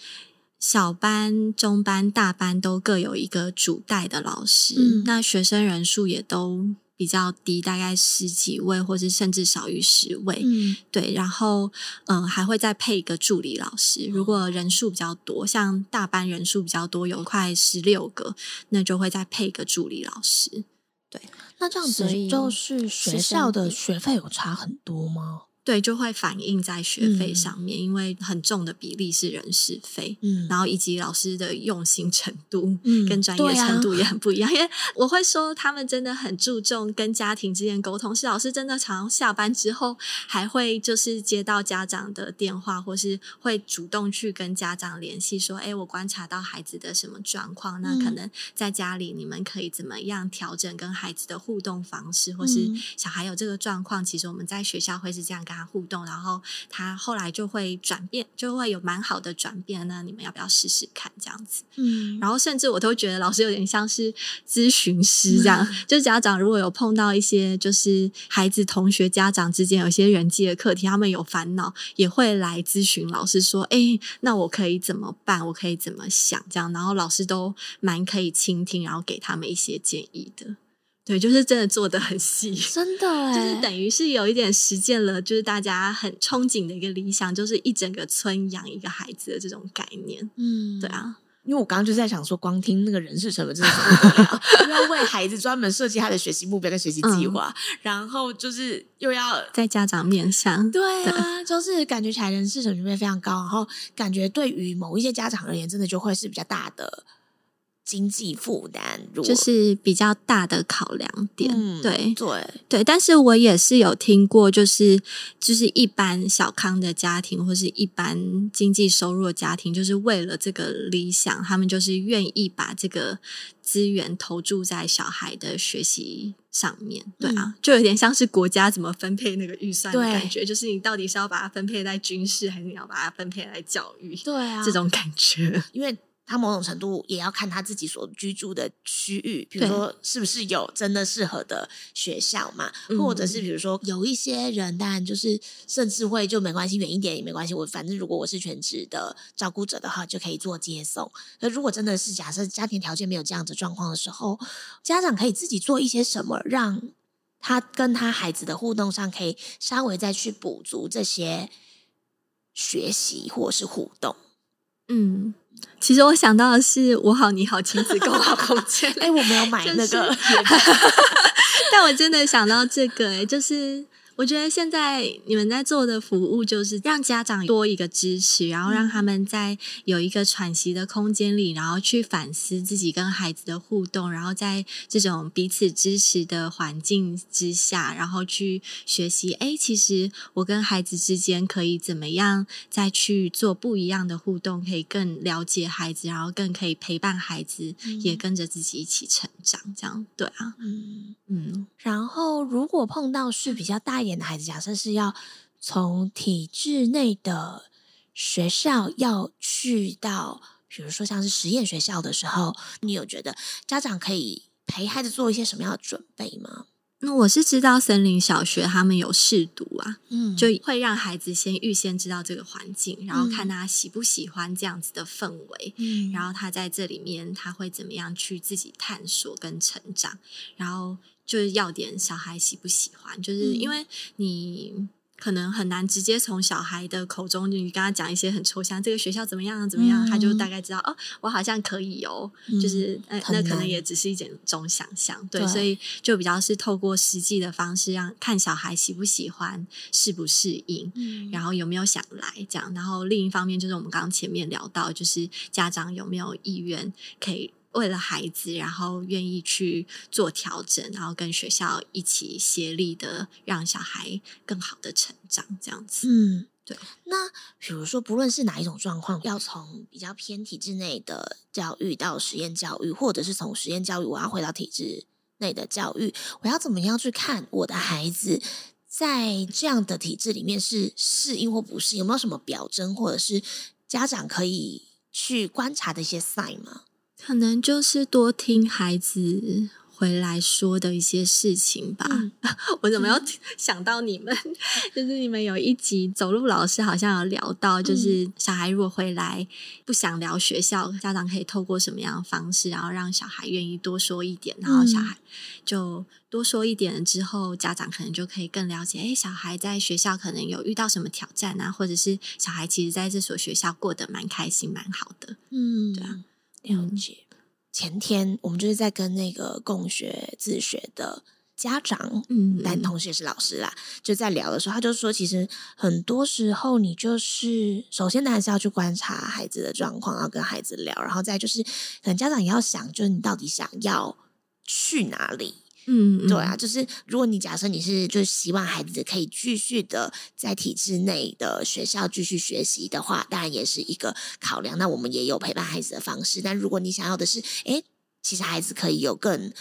小班、中班、大班都各有一個主帶的老師，嗯、那學生人數也都比較低，大概十幾位，或是甚至少於十位。嗯、對，然後嗯、呃，還會再配一個助理老師。如果人數比較多，嗯、像大班人數比較多，有快十六個，那就會再配一個助理老師。對，那這樣子就是學校的學費有差很多嗎？對，就會反映在學費上面，嗯、因為很重的比例是人事費，嗯、然後以及老師的用心程度跟專業程度也很不一樣。嗯啊、因為我會說，他們真的很注重跟家庭之間溝通，是老師真的常常下班之後還會就是接到家長的電話，或是會主動去跟家長聯繫，說：“哎，我觀察到孩子的什麼狀況，那可能在家裡你們可以怎麼樣調整跟孩子的互動方式，或是小孩有這個狀況，其實我們在學校會是這樣。”大家互動，然後他後來就會轉變，就會有蠻好的轉變。那你們要不要試試看這樣子？嗯，然後甚至我都覺得老師有點像是諮詢師這樣。嗯、就家長如果有碰到一些就是孩子、同學、家長之間有些人際的課題，他們有煩惱，也會來諮詢老師說：“哎、欸，那我可以怎麼辦？我可以怎麼想？”這樣，然後老師都蠻可以傾聽，然後給他們一些建議的。對，就是真的做得很細，真的、欸，就是等於是有一點實踐了，就是大家很憧憬的一個理想，就是一整個村養一個孩子的這種概念。嗯，對啊，因為我剛剛就在想說，光聽那個人事什麼真的很重要，要 為，為孩子專門設計他的學習目標跟學習計劃，嗯、然後就是又要在家長面上，Okay. 對啊，對就是感覺起來人事成本會非常高，然後感覺對於某一些家長而言，真的就會是比較大的經濟負擔，就是比較大的考量點。嗯、對，對，對。但是我也是有聽過，就是就是一般小康的家庭，或是一般經濟收入的家庭，就是為了這個理想，他們就是願意把這個資源投注在小孩的學習上面。對啊，嗯、就有點像是國家怎麼分配那個預算的感覺，對就是你到底是要把它分配在軍事，還是你要把它分配在教育？對啊，這種感覺，因為。他某種程度也要看他自己所居住的區域，比如說是不是有真的適合的學校嘛？對或者是比如說有一些人，當然、嗯、就是甚至會就沒關係，遠一點也沒關係。我反正如果我是全職的照顧者的話，就可以做接送。那如果真的是假設家庭條件沒有這樣子狀況的時候，家長可以自己做一些什麼，讓他跟他孩子的互動上可以稍微再去補足這些學習或是互動，嗯。其實我想到的是“我好你好親子共好空間”，哎， 我沒有買那個，是 但我真的想到這個、欸，就是。我覺得現在你們在做的服務，就是讓家長多一個支持，然後讓他們在有一個喘息的空間裡，然後去反思自己跟孩子的互動，然後在這種彼此支持的環境之下，然後去學習。誒，其實我跟孩子之間可以怎麼樣再去做不一樣的互動，可以更了解孩子，然後更可以陪伴孩子，嗯、也跟着自己一起成長。這樣對啊，嗯，然後如果碰到是比較大一點孩子假設是要從體制內的學校要去到，比如說像是實驗學校的時候，你有覺得家長可以陪孩子做一些什麼樣的準備嗎？那我是知道森林小學他們有試讀啊，嗯，就會讓孩子先預先知道這個環境，然後看他喜不喜歡這樣子的氛圍，嗯，然後他在這裡面他會怎麼樣去自己探索跟成長，然後。就是要點小孩喜不喜歡，就是因為你可能很難直接從小孩的口中，你跟他講一些很抽象，這個學校怎麼樣怎麼樣，嗯、他就大概知道哦，我好像可以哦。嗯、就是、呃、好那可能也只是一種想象，對，對，所以就比較是透過實際的方式，讓看小孩喜不喜歡、適不適應，嗯、然後有沒有想來這樣。然後另一方面，就是我們剛剛前面聊到，就是家長有沒有意願可以，為了孩子，然後願意去做調整，然後跟學校一起協力的，讓小孩更好的成長，這樣子。嗯，對。那比如說，不論是哪一種狀況，要從比較偏體制內的教育到實驗教育，或者是從實驗教育，我要回到體制內的教育，我要怎麼樣去看我的孩子在這樣的體制裡面是適應或不適應？有沒有什麼表徵，或者是家長可以去觀察的一些 sign 嗎？可能就是多聽孩子回來說的一些事情吧。嗯、 我怎麼又想到你們？嗯、就是你們有一集走路老師好像有聊到，就是、嗯、小孩如果回來不想聊學校，家長可以透過什麼樣的方式，然後讓小孩願意多說一點，然後小孩就多說一點了之後，家長可能就可以更了解，哎，小孩在學校可能有遇到什麼挑戰啊，或者是小孩其實在這所學校過得蠻開心、蠻好的。嗯，對啊。了解前天我們就是在跟那個共學自學的家長，嗯、嗯，但同學是老師啦，就在聊的時候，他就說，其實很多時候你就是首先呢還是要去觀察孩子的狀況，然後跟孩子聊，然後再就是，可能家長也要想，就是你到底想要去哪裡？嗯、嗯，對啊，就是如果你假設你是，就希望孩子可以繼續的在體制內的學校繼續學習的話，當然也是一個考量。那我們也有陪伴孩子的方式。但如果你想要的是，欸，其實孩子可以有更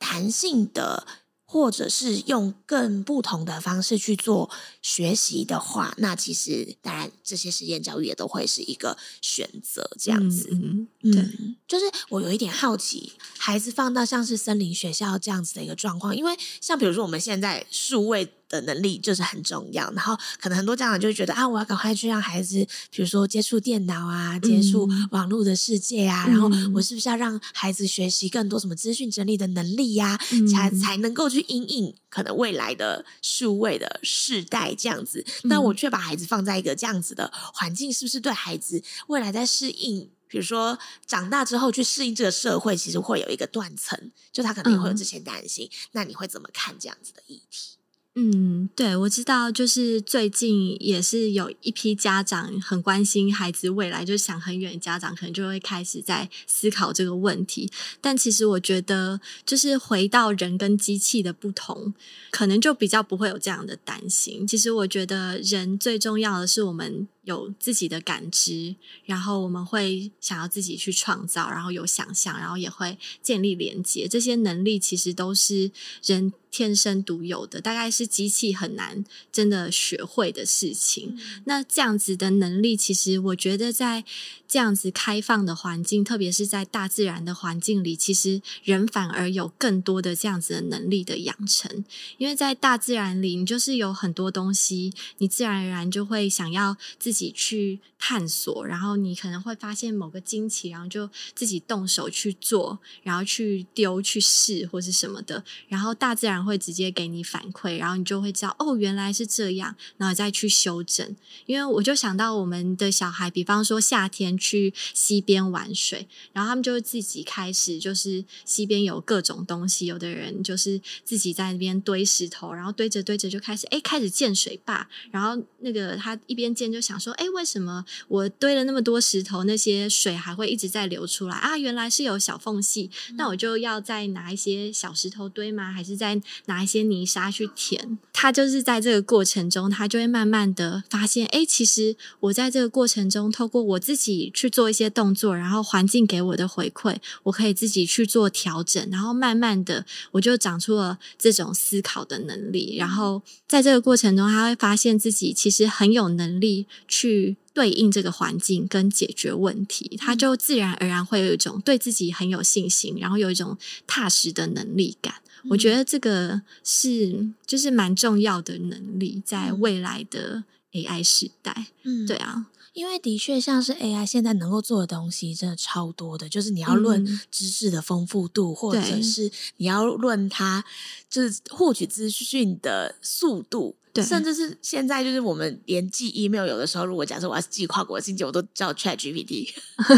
彈性的。或者是用更不同的方式去做學習的話，那其實當然這些實驗教育也都會是一個選擇，這樣子。嗯，對，嗯，就是我有一點好奇，孩子放到像是森林學校這樣子的一個狀況，因為像比如說我們現在數位。的能力就是很重要。然後可能很多家長就會覺得啊，我要趕快去讓孩子，比如說接觸電腦啊，嗯、接觸網絡的世界啊。嗯、然後我是不是要讓孩子學習更多什麼資訊整理的能力呀、啊，嗯、才才能夠去因應可能未來的數位的世代這樣子？嗯、但我卻把孩子放在一個這樣子的環境，是不是對孩子未來在適應，比如說長大之後去適應這個社會，其實會有一個斷層？就他可能會有這些擔心。嗯、那你會怎麼看這樣子的議題？嗯，對，我知道，就是最近也是有一批家長很關心孩子未來，就想很遠，家長可能就會開始在思考這個問題。但其實我覺得，就是回到人跟機器的不同，可能就比較不會有這樣的擔心。其實我覺得，人最重要的是我們有自己的感知，然後我們會想要自己去創造，然後有想象，然後也會建立連接。這些能力其實都是人。天生獨有的，大概是機器很難真的學會的事情。那這樣子的能力，其實我覺得在這樣子開放的環境，特別是在大自然的環境裡，其實人反而有更多的這樣子的能力的養成。因為在大自然裡，你就是有很多東西，你自然而然就會想要自己去探索，然後你可能會發現某個驚奇，然後就自己動手去做，然後去丟去試或是什麼的，然後大自然，會直接給你反饋，然後你就會知道哦，原來是這樣，然後再去修正。因為我就想到我們的小孩，比方說夏天去溪邊玩水，然後他們就會自己開始，就是溪邊有各種東西，有的人就是自己在那邊堆石頭，然後堆着堆着就開始哎，開始建水壩，然後那個他一邊建就想說，哎，為什麼我堆了那麼多石頭，那些水還會一直在流出來啊？原來是有小縫隙，那我就要再拿一些小石頭堆嗎？還是在拿一些泥沙去填，他就是在這個過程中，他就會慢慢的發現，誒，其實我在這個過程中，透過我自己去做一些動作，然後環境給我的回饋，我可以自己去做調整，然後慢慢的，我就長出了這種思考的能力。然後在這個過程中，他會發現自己其實很有能力去對應這個環境跟解決問題，他就自然而然會有一種對自己很有信心，然後有一種踏實的能力感。我覺得這個是、嗯、就是蠻重要的能力，在未來的 AI 時代，嗯、對啊，因為的確像是 AI 現在能夠做的東西，真的超多的，就是你要論知識的豐富度，嗯、或者是你要論它就是獲取資訊的速度。對甚至是現在，就是我們連寄 email 有的時候，如果假設我要寄跨國的信件，我都叫 ChatGPT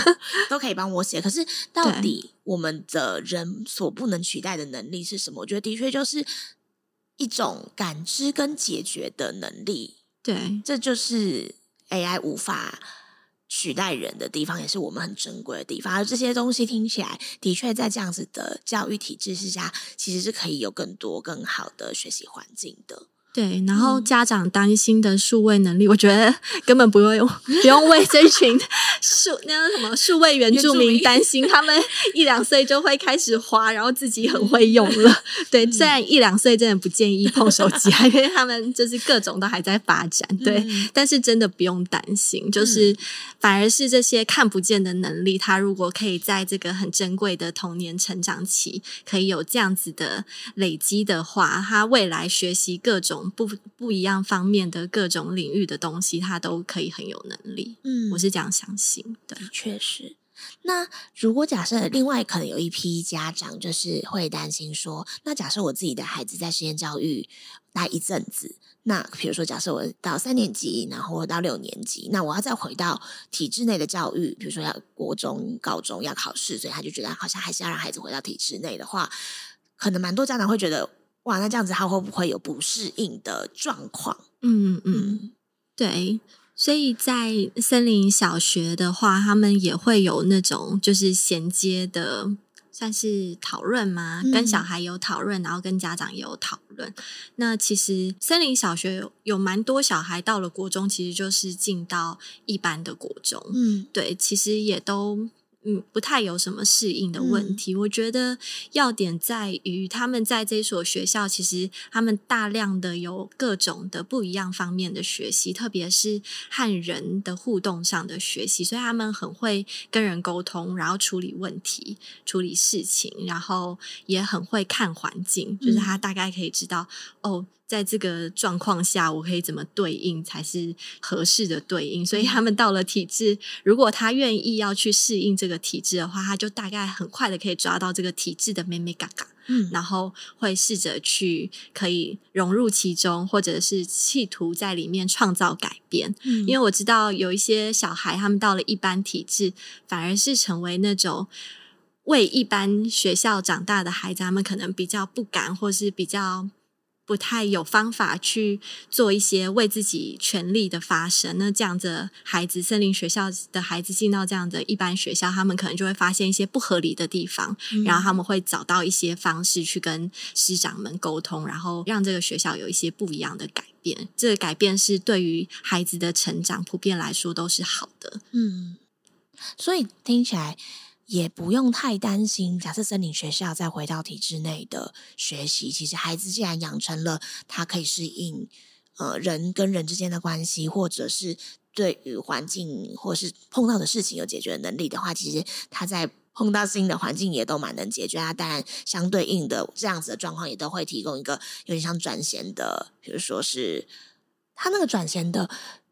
都可以幫我寫。可是，到底對我們的人所不能取代的能力是什麼？我覺得的確就是一種感知跟解決的能力。對，這就是 AI 無法取代人的地方，也是我們很珍貴的地方。而這些東西聽起來，的確在這樣子的教育體制之下，其實是可以有更多更好的學習環境的。對，然後家長擔心的數位能力，嗯、我覺得根本不用不用為這群數 那什麼數位原住民擔心，他們一兩歲就會開始滑，然後自己很會用了。對，嗯、雖然一兩歲真的不建議碰手機， 因為他們就是各種都還在發展。對，嗯、但是真的不用擔心，就是反而是這些看不見的能力，他如果可以在這個很珍貴的童年成長期，可以有這樣子的累積的話，他未來學習各種。不不一樣方面的各種領域的東西，他都可以很有能力。嗯，我是這樣相信的。的確是。那如果假設另外可能有一批家長，就是會擔心說，那假設我自己的孩子在實驗教育待一陣子，那比如說假設我到三年級，然後到六年級，那我要再回到體制內的教育，比如說要國中、高中要考試，所以他就覺得好像還是要讓孩子回到體制內的話，可能蠻多家長會覺得。哇，那這樣子他會不會有不適應的狀況？嗯嗯，對，所以在森林小學的話，他們也會有那種就是銜接的，算是討論嗎？嗯、跟小孩有討論，然後跟家長也有討論。那其實森林小學有蠻多小孩到了國中，其實就是進到一般的國中。嗯，對，其實也都。嗯，不太有什麼適應的問題。嗯、我覺得要點在於他們在這所學校，其實他們大量的有各種的不一樣方面的學習，特別是和人的互動上的學習，所以他們很會跟人溝通，然後處理問題、處理事情，然後也很會看環境，嗯、就是他大概可以知道哦。在這個狀況下，我可以怎麼對應才是合適的對應？所以他們到了體制、嗯、如果他願意要去適應這個體制的話，他就大概很快的可以抓到這個體制的眉眉角角，嗯，然後會試着去可以融入其中，或者是企圖在裡面創造改變。嗯、因為我知道有一些小孩，他們到了一般體制，反而是成為那種為一般學校長大的孩子，他們可能比較不敢，或是比較。不太有方法去做一些為自己權利的發聲。那這樣子孩子，森林學校的孩子進到這樣的一般學校，他們可能就會發現一些不合理的地方，嗯、然後他們會找到一些方式去跟師長們溝通，然後讓這個學校有一些不一樣的改變。這個改變是對於孩子的成長，普遍來說都是好的。嗯，所以聽起來。也不用太擔心。假設森林學校再回到體制內的學習，其實孩子既然養成了他可以適應呃，人跟人之間的關係，或者是對於環境或是碰到的事情有解決能力的話，其實他在碰到新的環境也都蠻能解決。啊。當然相對應的這樣子的狀況也都會提供一個有點像轉銜的，比如說是他那個轉銜的。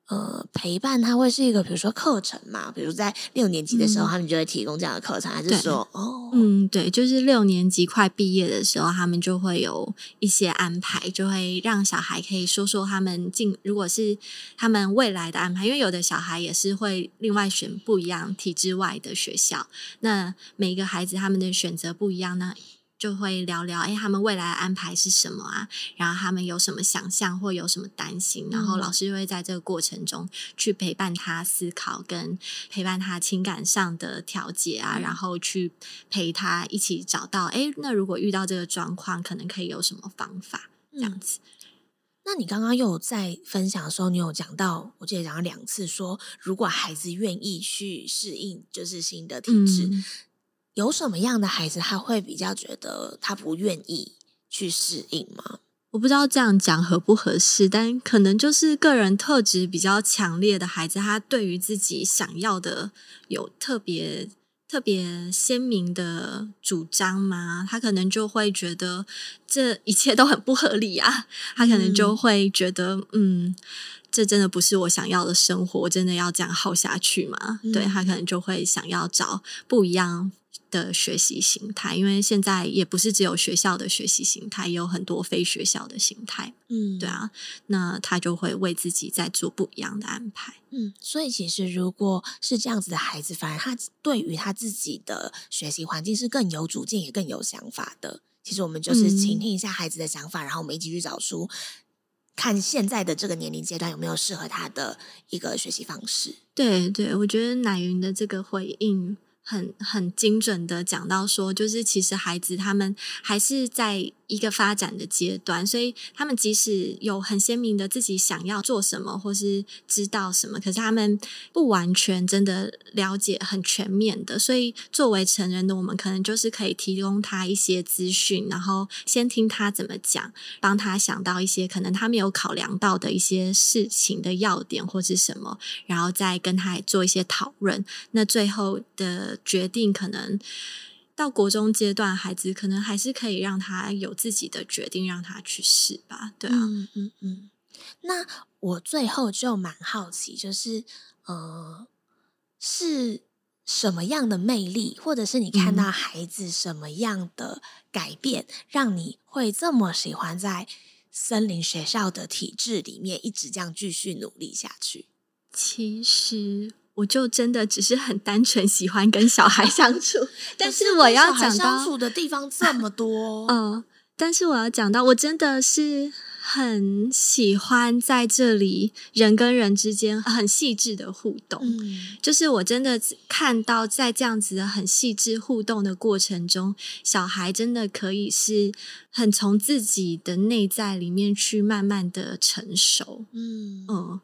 呃，陪伴他會是一個，比如說課程嘛，比如在六年級的時候，嗯、他們就會提供這樣的課程，還是說，對哦，嗯，對，就是六年級快畢業的時候，他們就會有一些安排，就會讓小孩可以說說他們進，如果是他們未來的安排，因為有的小孩也是會另外選不一樣體制外的學校，那每一個孩子他們的選擇不一樣呢。就會聊聊，哎、欸，他們未來的安排是什麼啊？然後他們有什麼想象或有什麼擔心？嗯、然後老師就會在這個過程中去陪伴他思考，跟陪伴他情感上的調節啊，嗯、然後去陪他一起找到，哎、欸，那如果遇到這個狀況，可能可以有什麼方法？嗯、這樣子。那你剛剛又有在分享的時候，你有講到，我記得講了兩次說，說如果孩子願意去適應，就是新的體制。嗯有什麼樣的孩子他會比較覺得他不願意去適應嗎？我不知道這樣講合不合適，但可能就是個人特質比較強烈的孩子，他對於自己想要的有特別特別鮮明的主張嗎？他可能就會覺得這一切都很不合理啊，他可能就會覺得嗯。嗯這真的不是我想要的生活，我真的要這樣耗下去嗎？嗯、對他可能就會想要找不一樣的學習形態，因為現在也不是只有學校的學習形態，也有很多非學校的心態形態。嗯，對啊，那他就會為自己在做不一樣的安排。嗯，所以其實如果是這樣子的孩子，反而他對於他自己的學習環境是更有主見，也更有想法的。其實我們就是傾聽一下孩子的想法，嗯、然後我們一起去找書。看現在的這個年齡階段有沒有適合他的一個學習方式？對對，我覺得乃云的這個回應很很精準的講到說，就是其實孩子他們還是在。一個發展的階段，所以他們即使有很鮮明的自己想要做什麼，或是知道什麼，可是他們不完全真的了解很全面的。所以作為成人的我們，可能就是可以提供他一些資訊，然後先聽他怎麼講，幫他想到一些可能他沒有考量到的一些事情的要點或是什麼，然後再跟他做一些討論。那最後的決定可能……到國中階段，孩子可能還是可以讓他有自己的決定，讓他去試吧，對啊。嗯嗯嗯。那我最後就蠻好奇，就是呃，是什麼樣的魅力，或者是你看到孩子什麼樣的改變，嗯、讓你會這麼喜歡在森林學校的體制裡面一直這樣繼續努力下去？其實。我就真的只是很單純喜歡跟小孩相處， 但是我要講到小孩相處的地方這麼多哦， 嗯，但是我要講到我真的是很喜歡在這裡人跟人之間很細緻的互動，嗯，就是我真的看到在這樣子的很細緻互動的過程中，小孩真的可以是很從自己的內在裡面去慢慢的成熟，嗯嗯。嗯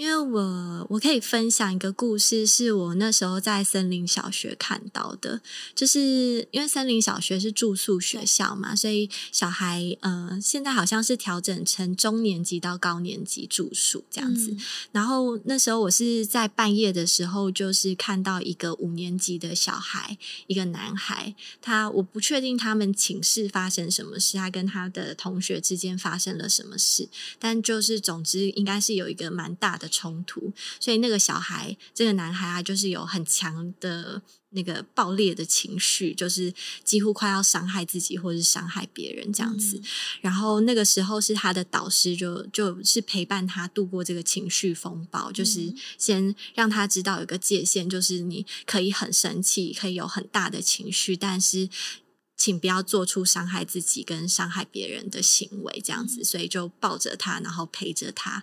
因為我我，可以分享一個故事，是我那時候在森林小學看到的，就是因為森林小學是住宿學校嘛，所以小孩呃、現在好像是調整成中年級到高年級住宿這樣子。嗯。然後那時候我是在半夜的時候，就是看到一個五年級的小孩，一個男孩，他，我不確定他們寢室發生什麼事，他跟他的同學之間發生了什麼事，但就是總之應該是有一個蠻大的。衝突，所以那個小孩，這個男孩啊，就是有很強的那個暴烈的情緒，就是幾乎快要傷害自己或是傷害別人這樣子。嗯、然後那個時候是他的導師就，就就是陪伴他度過這個情緒風暴，就是先讓他知道有個界限，就是你可以很生氣，可以有很大的情緒，但是請不要做出傷害自己跟傷害別人的行為這樣子。所以就抱着他，然後陪着他。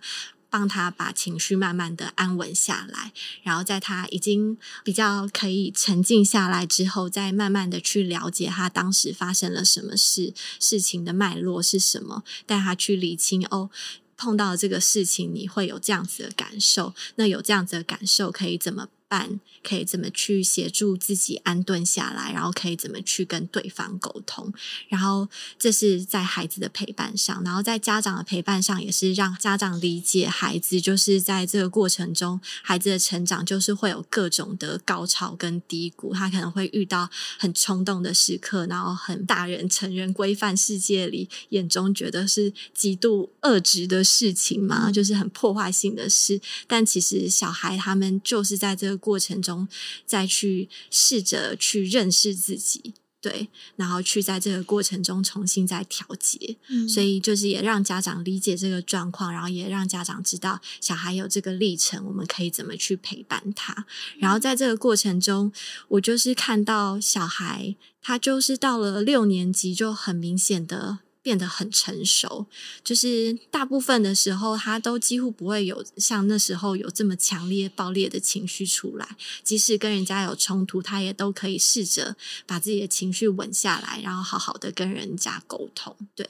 幫他把情緒慢慢的安穩下來，然後在他已經比較可以沉靜下來之後，再慢慢的去了解他當時發生了什麼事，事情的脈絡是什麼，帶他去理清。哦，碰到這個事情，你會有這樣子的感受，那有這樣子的感受可以怎麼辦，可以怎麼去協助自己安頓下來，然後可以怎麼去跟對方溝通，然後這是在孩子的陪伴上，然後在家長的陪伴上也是讓家長理解孩子，就是在這個過程中，孩子的成長就是會有各種的高潮跟低谷，他可能會遇到很衝動的時刻，然後很大人成人規範世界裡眼中覺得是極度惡質的事情嘛，就是很破壞性的事，但其實小孩他們就是在這個。過程中，再去試着去認識自己，對，然後去在這個過程中重新再調節。嗯，所以就是也讓家長理解這個狀況，然後也讓家長知道小孩有這個歷程，我們可以怎麼去陪伴他。嗯，然後在這個過程中，我就是看到小孩，他就是到了六年級就很明顯的。變得很成熟，就是大部分的時候，他都幾乎不會有像那時候有這麼強烈爆裂的情緒出來。即使跟人家有衝突，他也都可以試着把自己的情緒穩下來，然後好好的跟人家溝通。對，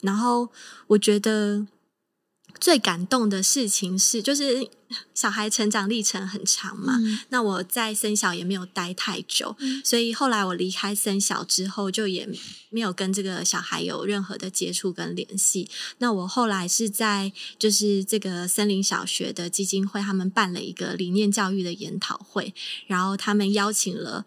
然後我覺得。最感動的事情是，就是小孩成長歷程很長嘛。嗯、那我在森小也沒有待太久，所以後來我離開森小之後，就也沒有跟這個小孩有任何的接觸跟聯繫。那我後來是在就是這個森林小學的基金會，他們辦了一個理念教育的研討會，然後他們邀請了。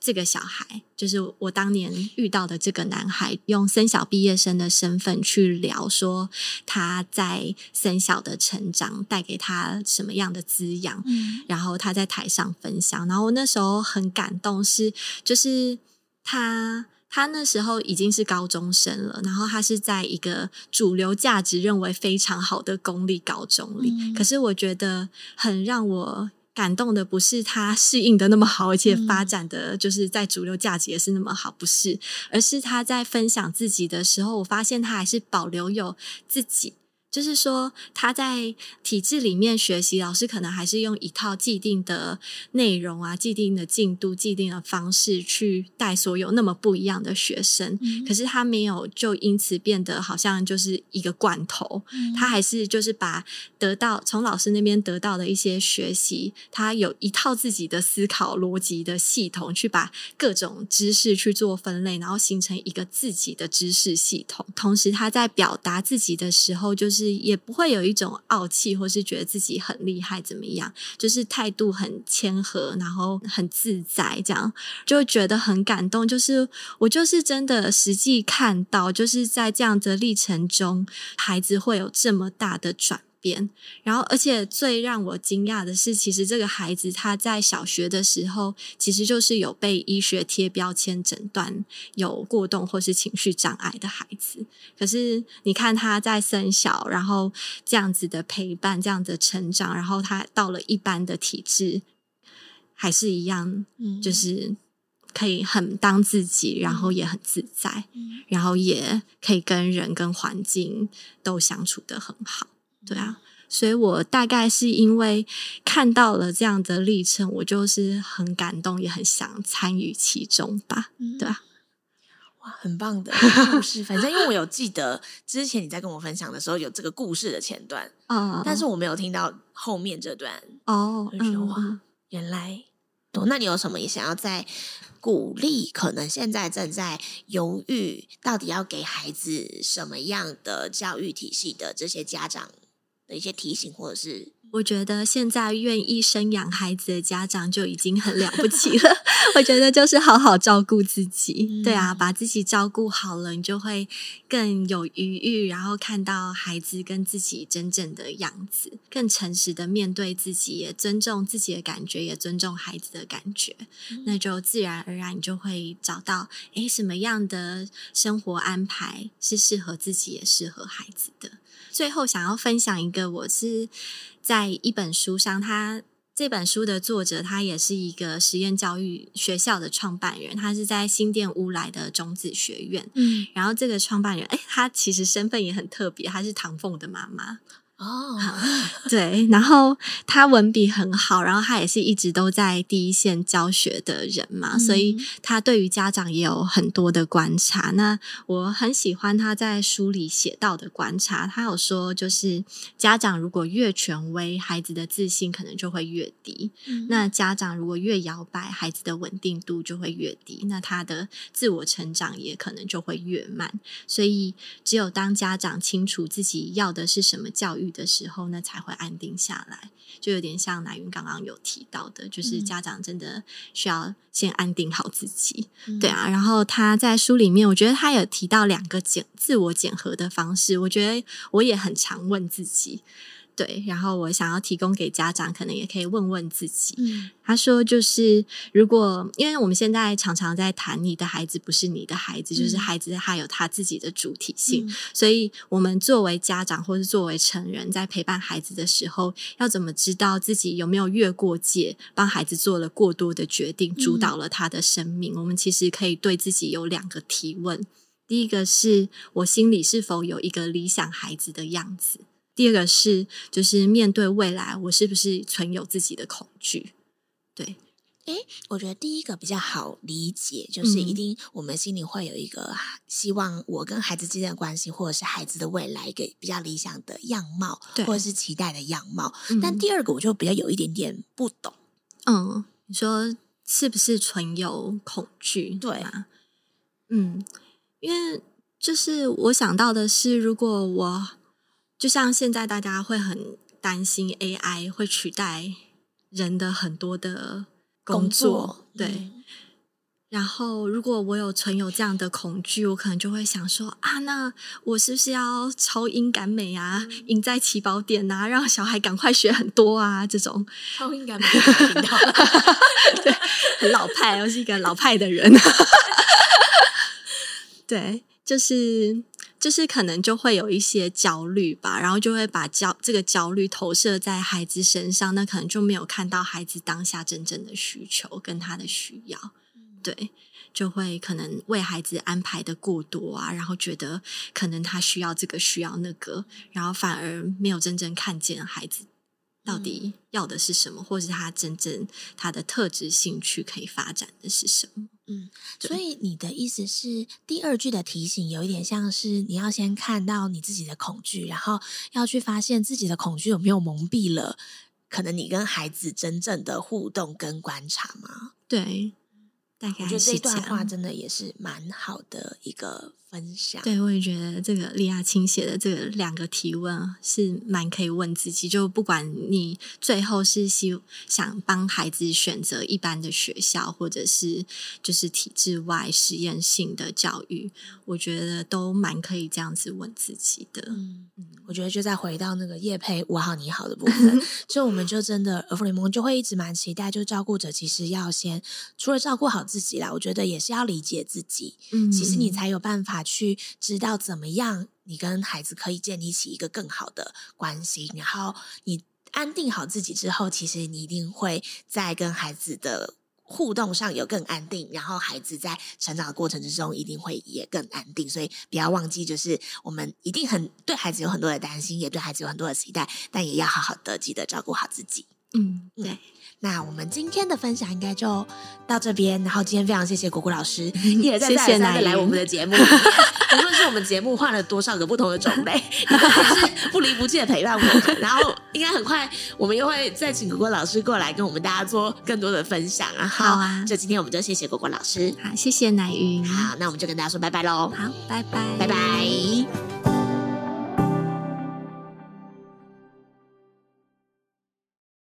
這個小孩就是我當年遇到的這個男孩，用森小畢業生的身份去聊說他在森小的成長帶給他什麼樣的滋養，嗯、然後他在台上分享，然後我那時候很感動是，是就是他他那時候已經是高中生了，然後他是在一個主流價值認為非常好的公立高中裡，嗯、可是我覺得很讓我。感動的不是他適應的那麼好，而且發展的就是在主流價值也是那麼好，不是，而是他在分享自己的時候，我發現他還是保留有自己。就是說，他在體制裡面學習，老師可能還是用一套既定的內容啊、既定的進度、既定的方式去帶所有那麼不一樣的學生。嗯。可是他沒有就因此變得好像就是一個罐頭，嗯。他還是就是把得到從老師那邊得到的一些學習，他有一套自己的思考邏輯的系統，去把各種知識去做分類，然後形成一個自己的知識系統。同時，他在表達自己的時候，就是。是也不會有一種傲氣，或是覺得自己很厲害怎麼樣，就是態度很謙和，然後很自在，這樣就覺得很感動。就是我就是真的實際看到，就是在這樣的歷程中，孩子會有這麼大的轉邊然後，而且最讓我驚訝的是，其實這個孩子他在小學的時候，其實就是有被醫學貼標籤診斷有過動或是情緒障礙的孩子。可是，你看他在生小，然後這樣子的陪伴，這樣子的成長，然後他到了一般的體制，還是一樣，嗯，就是可以很當自己，然後也很自在，然後也可以跟人跟環境都相處得很好。對啊，所以我大概是因為看到了這樣的歷程，我就是很感動，也很想參與其中吧。對啊、嗯，哇，很棒的故事。反正 因為我有記得之前你在跟我分享的時候有這個故事的前段、oh, 但是我沒有聽到後面這段哦，原來、嗯哦。那你有什麼也想要再鼓勵？可能現在正在猶豫到底要給孩子什麼樣的教育體系的這些家長。的一些提醒，或者是我覺得現在願意生養孩子的家長就已經很了不起了。 我覺得就是好好照顧自己，嗯、對啊，把自己照顧好了，你就會更有餘裕，然後看到孩子跟自己真正的樣子，更誠實的面對自己，也尊重自己的感覺，也尊重孩子的感覺，嗯、那就自然而然你就會找到，誒，什麼樣的生活安排是適合自己也適合孩子的。最後想要分享一個，我是在一本書上，他這本書的作者，他也是一個實驗教育學校的創辦人，他是在新店烏來的種子學院。嗯，然後這個創辦人，哎，他其實身份也很特別，他是唐鳳的媽媽。哦，oh. 對，然後他文筆很好，然後他也是一直都在第一線教學的人嘛，嗯、所以他對於家長也有很多的觀察。那我很喜歡他在書裡寫到的觀察，他有說就是家長如果越權威，孩子的自信可能就會越低；嗯、那家長如果越搖擺，孩子的穩定度就會越低，那他的自我成長也可能就會越慢。所以，只有當家長清楚自己要的是什麼教育。的時候，呢，才會安定下來，就有點像乃云剛剛有提到的，就是家長真的需要先安定好自己，嗯、對啊。然後他在書裡面，我覺得他有提到兩個檢自我檢核的方式，我覺得我也很常問自己。對，然後我想要提供給家長，可能也可以問問自己。嗯、他說，就是如果因為我們現在常常在談你的孩子不是你的孩子，嗯、就是孩子他有他自己的主體性，嗯、所以我們作為家長或是作為成人，在陪伴孩子的時候，要怎麼知道自己有沒有越過界，幫孩子做了過多的決定，主導了他的生命？嗯、我們其實可以對自己有兩個提問：第一個是我心裡是否有一個理想孩子的樣子。第二個是，就是面對未來，我是不是存有自己的恐懼？對，誒、欸，我覺得第一個比較好理解，就是一定我們心裡會有一個希望，我跟孩子之間的關係，或者是孩子的未來一個比較理想的樣貌，對或者是期待的樣貌。嗯、但第二個我就比較有一點點不懂。嗯，你說是不是存有恐懼？對啊，嗯，因為就是我想到的是，如果我。就像現在，大家會很擔心 AI 會取代人的很多的工作，工作。對。嗯、然後，如果我有存有這樣的恐懼，我可能就會想說啊，那我是不是要超英趕美啊，嗯、贏在起跑點啊，讓小孩趕快學很多啊，這種超英趕美 對，很老派，我是一個老派的人， 對，就是。就是可能就會有一些焦慮吧，然後就會把焦這個焦慮投射在孩子身上，那可能就沒有看到孩子當下真正的需求跟他的需要，嗯、對，就會可能為孩子安排的過多啊，然後覺得可能他需要這個需要那個，嗯、然後反而沒有真正看見孩子到底要的是什麼，嗯、或是他真正他的特質興趣可以發展的是什麼。嗯，所以你的意思是，第二句的提醒有一點像是你要先看到你自己的恐懼，然後要去發現自己的恐懼有沒有蒙蔽了，可能你跟孩子真正的互動跟觀察嗎？對，大概我覺得這段話真的也是蠻好的一個。分享，對我也覺得這個李亞青寫的這個兩個提問是蠻可以問自己，就不管你最後是想幫孩子選擇一般的學校，或者是就是體制外實驗性的教育，我覺得都蠻可以這樣子問自己的。嗯，我覺得就再回到那個葉培，我好你好的部分，所以 我們就真的，阿福檸檬就會一直蠻期待，就照顧者其實要先除了照顧好自己啦，我覺得也是要理解自己，嗯，嗯，其實你才有辦法，去知道怎麼樣，你跟孩子可以建立起一個更好的關係。然後你安定好自己之後，其實你一定會在跟孩子的互動上有更安定。然後孩子在成長的過程之中，一定會也更安定。所以不要忘記，就是我們一定很，對孩子有很多的擔心，也對孩子有很多的期待，但也要好好的，記得照顧好自己。嗯，對，那我們今天的分享應該就到這邊。然後今天非常謝謝果果老師，嗯、也一而再再而三的來我們的節目裡面，謝謝無論是我們節目換了多少個不同的種類，還 是不離不棄的陪伴我們。 然後應該很快我們又會再請果果老師過來跟我們大家做更多的分享啊。 好，好啊，就今天我們就謝謝果果老師，好謝謝乃云，好那我們就跟大家說拜拜嘍。好，拜拜，拜拜。